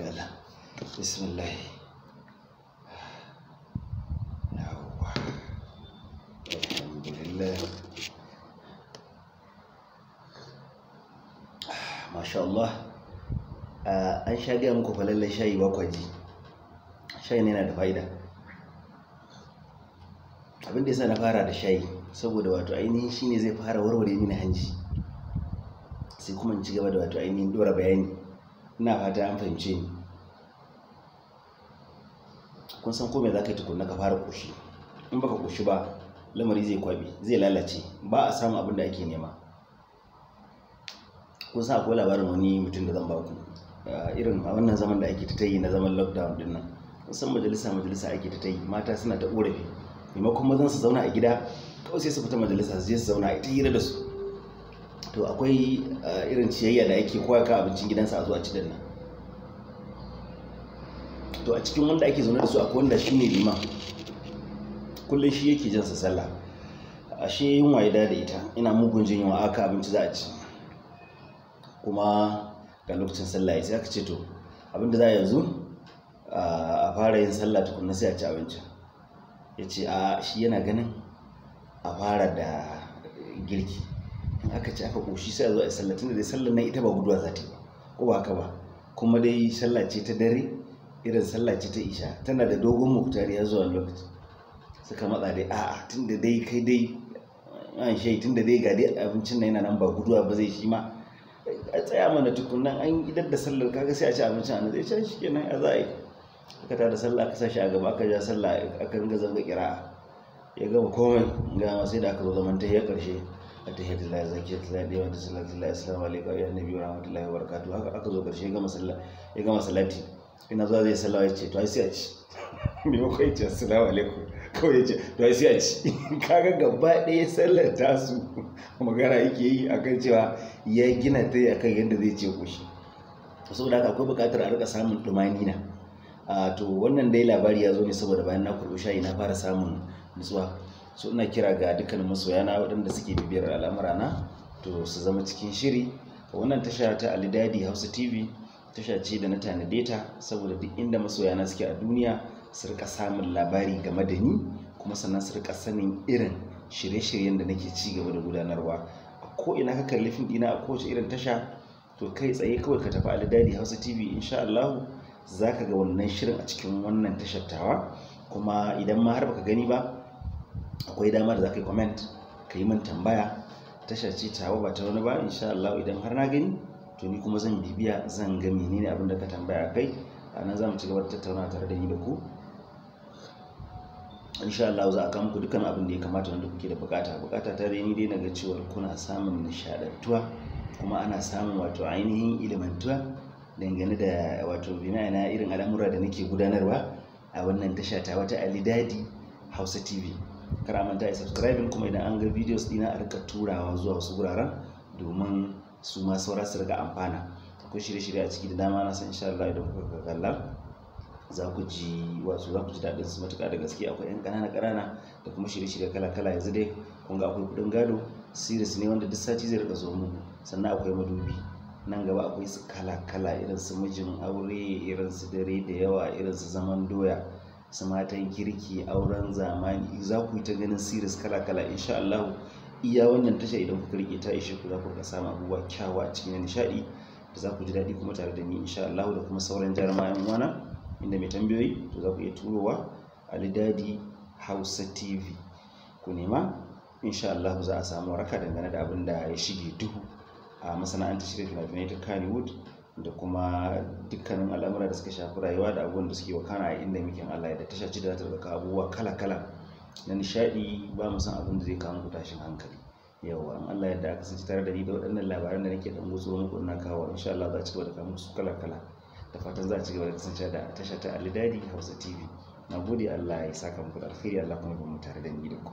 bi Allah bismillah Allah an sha gaya muku fa lallai shayi bakwaji shayi ne yana da fa'ida abin da yasa na fara da shayi saboda wato ainihin shine zai fara warware mini hanji sai kuma in ci gaba da wato ainihin dora bayani ina fata an fahimce ni kun san kome za ka yi tukunna ka fara koshi, in baka koshi ba lamari zai kwabe zai lalace ba a samun abin da ake nema kun san akwai labarin wani mutum da zan ba ku eh, irin a wannan zaman da ake ta yi na zaman lockdown din nan kun san majalisa majalisa ake ta yi mata suna ta korafi maimakon mazan su zauna a gida kawai sai su fita majalisa su je su zauna a ita hira da su to akwai eh, irin ciyayya da yake koya ka abincin gidansa a zuwa ci nan to a cikin wanda ake zaune da su akwai wanda shi ne liman kullum shi yake jansa sallah a yi yunwa ya da ita ina mugun jin yunwa aka abinci za a ci kuma ga lokacin sallah ya sai aka ce to abinda za a yanzu eh, a fara yin sallah tukunna sai a ci abinci ya ce a shi yana ganin a fara da girki aka ci aka koshi sai a zo a sallah tunda dai sallar nan ita ba guduwa za ta yi ba ko ba haka ba kuma dai sallah ce ta dare irin sallah ce ta isha tana da dogon muktari ya zuwa lokaci suka matsa dai a'a tunda dai kai dai an shai tunda dai ga dai abincin nan yana nan ba guduwa ba zai shi ma a tsaya mana nan an idar da sallar kaga sai a ci abincin a zai can shi kenan a za a yi aka tada sallah aka sashi a gaba aka ja sallah aka ringa zanga kira'a ya gama komai ga sai da aka zo zaman ta ya karshe atahiyatullahi zakiyatullahi da yawan salatullahi assalamu alaikum ya nabi wa rahmatullahi wa barakatuh haka aka zo karshe gama sallah ya gama salati ina zuwa zai sallawa to ai sai a ci me ko assalamu alaikum to ai sai a ci kaga gaba ɗaya sallar tasu magana yake yi akan cewa ya gina ta akan yadda zai ce koshi saboda haka akwai buƙatar a rika samun ɗumanina ah, to wannan dai labari ya zo ne saboda bayan na shayi na fara samun nutsuwa so ina kira ga dukkanin masoyana waɗanda suke bibiyar al'amura na to su zama cikin shiri a wannan tasha ta ali dadi hausa tv tasha ce da na tanade ta saboda duk inda masoyana suke a duniya su rika samun labari game da ni kuma sannan su rika sanin irin shirye-shiryen da nake ci gaba da gudanarwa a ko ina ka kalli fim ɗina a kowace irin tasha to kai tsaye kawai ka tafi dadi hausa tv insha allahu za ka ga wannan shirin a cikin wannan tashar tawa kuma idan ma har baka gani ba akwai dama da za ka yi comment ka yi min tambaya tashar ce tawa ba ta wani ba insha Allah idan har na gani to ni kuma zan bibiya zan ga menene abin da ka tambaya kai a nan za mu ci gaba da tattauna tare da ni da ku insha Allah za a kawo muku dukkan abin da ya kamata wanda kuke da bukata bukata ta dai ni dai naga cewa kuna samun nishadantuwa kuma ana samun wato ainihin ilimantuwa dangane da wato bina na irin al'amura da nake gudanarwa a wannan tasha ta wata alidadi hausa tv kar manta ya subscribe kuma idan an ga videos dina a rika turawa zuwa wasu guraren domin su ma saura su rika amfana ku shirye-shirye a ciki da dama na san insha Allah idan kuka kallon za ku ji wato za ku ji daɗin su matuƙa da gaske akwai 'yan ƙanana ƙanana da kuma shirye-shirye kala-kala yanzu dai kun ga akwai kuɗin gado series ne wanda duk sati zai rika zo mu sannan akwai madubi nan gaba akwai su kala-kala irin su mijin aure irin su dare da yawa irin su zaman doya su matan kirki auren zamani za ku yi ta ganin siris kala-kala insha Allah iya wannan tasha idan kuka rike ta ishe ku za ku ga samu abubuwa kyawa cikin nishaɗi da za ku ji daɗi kuma tare da ni insha Allah da kuma sauran jarumayen wana inda mai tambayoyi to za ku iya turowa alidadi hausa tv ku nema insha Allah za a samu raka dangane da abin da ya shige duhu a masana'antar shirya fina-finai ta Kannywood da kuma dukkanin al'amura da suka shafi rayuwa da abubuwan da suke wakana a inda muke Allah da tasha ci da za ta daga abubuwa kala-kala na nishaɗi ba mu san abin da zai kawo tashin hankali yawa an Allah yadda aka sanci tare da ni da waɗannan labaran da nake dan gutsuwa muku na kawo insha Allah za a ci gaba da kawo musu kala-kala da fatan za ci gaba da kasance da tasha ta Alidadi Hausa TV nagode Allah ya saka muku alkhairi Allah kuma ya mu tare da ni da ku